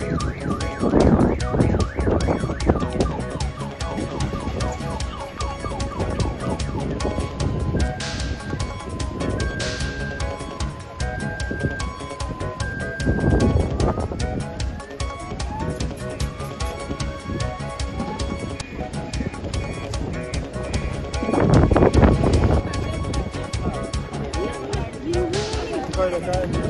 Carter, Carter.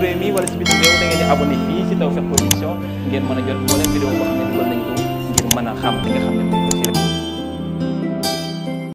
biir réew mi wala si bitim réew da ngeen di abonné fii si Tawfekh Production ngeen mën a xam ne dugal nañ ko ngir mën a xam li nga xam ne